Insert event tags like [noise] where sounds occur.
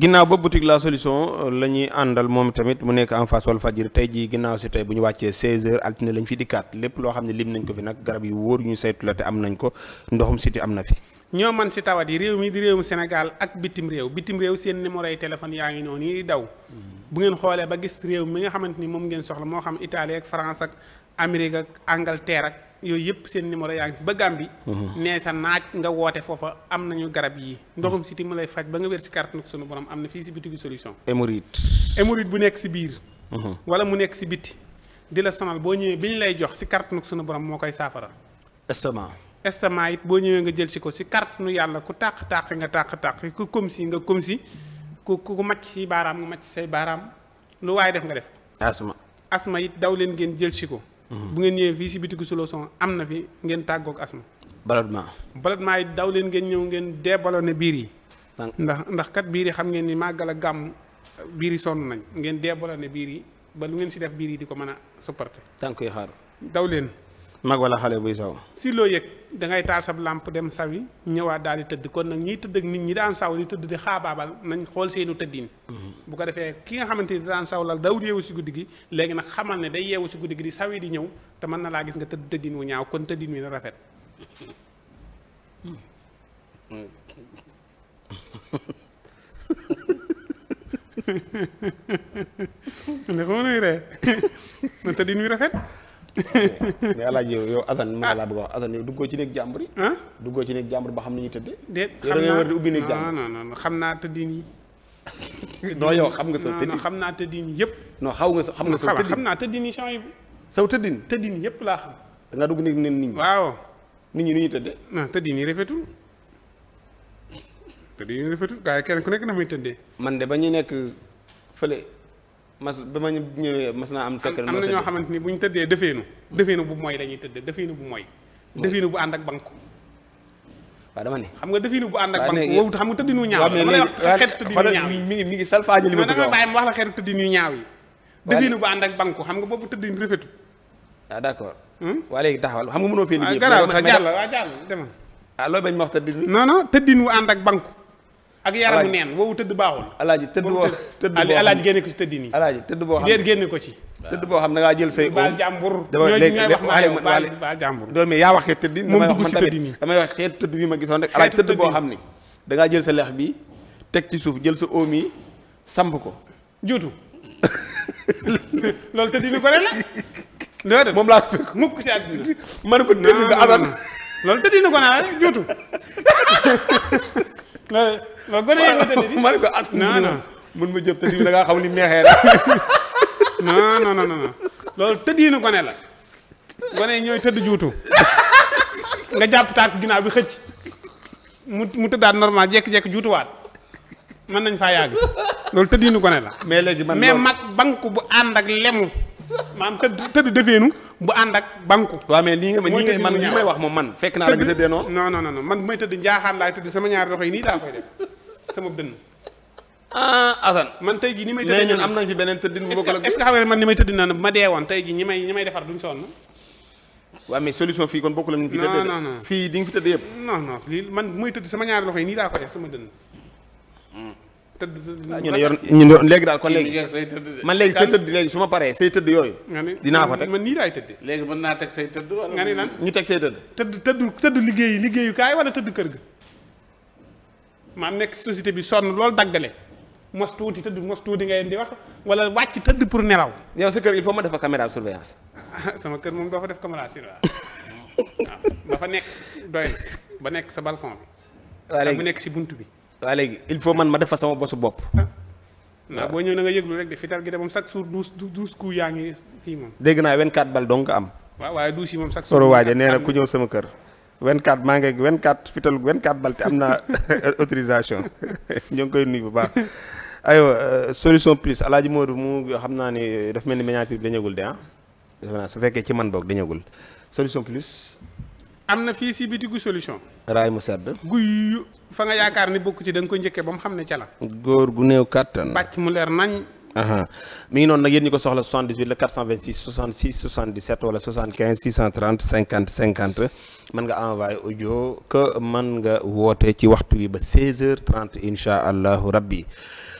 ginnaaw ba boutique la solution euh, la ñuy àndal moom tamit mu nekk en face Walfadjri tey jii ginnaaw si tey bu ñu wàccee 16h altine lañ fi dikkaat lépp loo xam ne lim nañ ko fi nag garab yi wóor yu ñu saytu la te am nañ ko ndoxum siti am na fi. ñoo man si tawat yi réew mi di réewum Sénégal ak bitim réew bitim réew seen numéro yi téléphone yaa ngi noonu yi daw. bu ngeen xoolee ba gis réew mi nga xamante ni moom ngeen soxla moo xam Italie ak France ak Amérique ak Angleterre ak. yooyu yëpp seen numéro yaa ngi fi bi Gàmbi mhm. nee sa naaj nga woote foofa am nañu garab yii ndoxum siti mu lay faj ba nga wér si carte nag sunu borom am na fii si bitigu solution hémorroïde hémorroïde bu nekk si biir mhm. wala mu nekk si biti di la boo ñëwee bi lay jox si carte nag sunu borom moo koy saafara estomac estomac it boo ñëwee nga jël si ko si carte nu yàlla ku tàq-tàq nga tàq-tàq ku kom si nga kom si ku ku macc si baaraam nga macc say baaraam lu waaye def nga def asma asma it daw leen ngeen jël si ko bu ngeen ñëwee fii si bitigu solution am na fi ngeen tàggoog asma. ballonnement. ballonnement yi daw leen ngeen ñëw ngeen déballonné biir yi. ndax ndax kat biir yi xam ngeen ni màggal a gàmm biir yi sonn nañ ngeen déballonné biir yi ba lu ngeen si def biir yi di ko mën a supporter. tànk yi xaar daw leen. mag wala xale buy saw si loo yëg da taal sab làmp dem sawi ñëwaat daal di tëdd kon nag ñiy tëdd ak nit ñi daan saw di tëdd di xaabaabal nañ xool seenu tëddin mm-hmm. bu ko defee ki nga xamante ni daan saw lal daw yeewu si guddi gi léegi nag xamal ne day yeewu si guddi gi di sawi di ñëw te mën na laa gis nga tëdd tëddin wu ñaaw kon tëddin wi na rafet ne ko na tëddin wi rafet mais [laughs] alaaji yow yow Assane ma laa bëgg a Assane yow duggoo ci néeg jàmbur yi. duggoo ci néeg jàmbur ba xam ni ñuy tëddee. déet xam naa yow da di ubbi néeg xam naa tëddi nii. [laughs] xam saw tëddi non naa tëddi nii yëpp. non xaw nga sa xam nga saw tëddi xam naa tëddi nii champs yi. saw tëddi nii yëpp laa xam. da ngaa dugg néeg neen nit ñi. waaw nit ñi ñuy tëddee. non tëddi nii rafetul. tëddi nii rafetul gars yi kenn ku nekk na muy tëddee. man de ba ñuy nekk fële mas ba ma ñëwee mas naa am. fekk na am bu ñu tëddee defeenu defeenu bu mooy dañuy tëdd defeenu bu bu ànd ak banque. waaw dama ne. xam nga defeenu bu ànd ak banque wow xam nga tëddinu ñaaw. waaw a da nga bàyyi ma wax la xeetu tëddinu ñaaw yi. defeenu bu tëddin wu ànd ak banque ak yaramu neen woowu tëdd baaxul. alaaji tëdd boo tëdd boo alaaji génne ko ci tëdd nii. xam ne génne ko ci. xam ne da ngaa jël say. baal jàmbur ñooñu ñooy wax maa yow baal baal jàmbur. loolu mais yaa waxee tëdd. moom dugg ci da ngaa jël sa lex bi teg ci suuf jël sa oom yi samp ko. juutu loolu tëdd bi ko ne la. loolu moom laa fekk juutu [laughs] waaw gone ma ne ko mën ma jëb tëdd li neexee [laughs] loolu tëdd yi nu gone la gone yi ñooy tëdd juutu nga jàpp taak ginnaaw bi xëcc mu mu tëddaat normal jekk-jekk juutuwaat mën nañ faa yàgg loolu tëdd yi nu gone la mais léegi man mag banque bu ànd ak lemu maanaam tëdd tëdd defeenu bu ànd ak banku waaw mais lii nga lii nga man lii may wax ma man fekk naa la nga tëddee noonu non non non man bu may tëdd njaaxaan laay tëdd sama ñaari loxo yi nii laa koy def sama dënn ah Assane man tey jii ni may tëdd ñun am nañ fi beneen tëddin bu bokkul ak est-ce que xam nga man ni may tëdd noonu bu jii ñi may ñi may defar duñ sonn waaw mais solution fii kon bokkul ak tëdd fii di fi tëdd yëpp non non lii man bu may tëdd sama ñaari loxo yi nii laa koy def sama dënn tëdd ah, ñu ne yor ñu léegi daal kon léegi man léegi say tëdd su ma paree say tëdd yooyu dinaa ko teg man nii laay tëdd léegi mën naa teg say tëdd wala nga ni ñu teg say tëdd tëdd tëdd tëdd liggéeyi liggéeyukaay wala tëdd kër ga maam nekk société bi sonn loolu daggale mos tuuti tëdd mos tuuti ngay di wax wala wàcc tëdd pour nelaw yow sa kër il faut ma defa caméra surveillance ah, sama kër moom doo fa def caméra surveillance waaw [laughs] ah, ba fa nekk doy ba nekk sa balcon bi waaw bu nekk si bunt bi waa léegi il faut man ma def fa sama bosu bopp. waaw ah. boo ñëwee na nga yëglu rek de fital gi de moom chaque jour douze douze coups yaa ngi fii moom. dégg naa 24 bal dong nga am. waaw waaye douze yi moom chaque jour. soro waaje nee na ku ñëw sama kër. 24 maa ngi ak 24 fital 24 bal te am naa [laughs] autorisation ñu ngi koy nuyu bu baax. aywa euh, solution plus alaaji Modou mu xam naa ne daf mel ni miniature bi dañagul de ah. su fekkee ci man boog dañagul solution plus. am na fii si bitigu solution. raay mu sedd. guy fa nga yaakaar ni bokk ci da nga ko njëkkee ba mu xam ne ca la. góor gu néew kàttan. pàcc mu leer nañ. mu ngi noonu nag yéen ñi ko soxla 78 la 426 66 77 wala 75 630 50 50 man nga envoyé audio que man nga wootee ci waxtu wi ba 16h30 incha allahu rabbi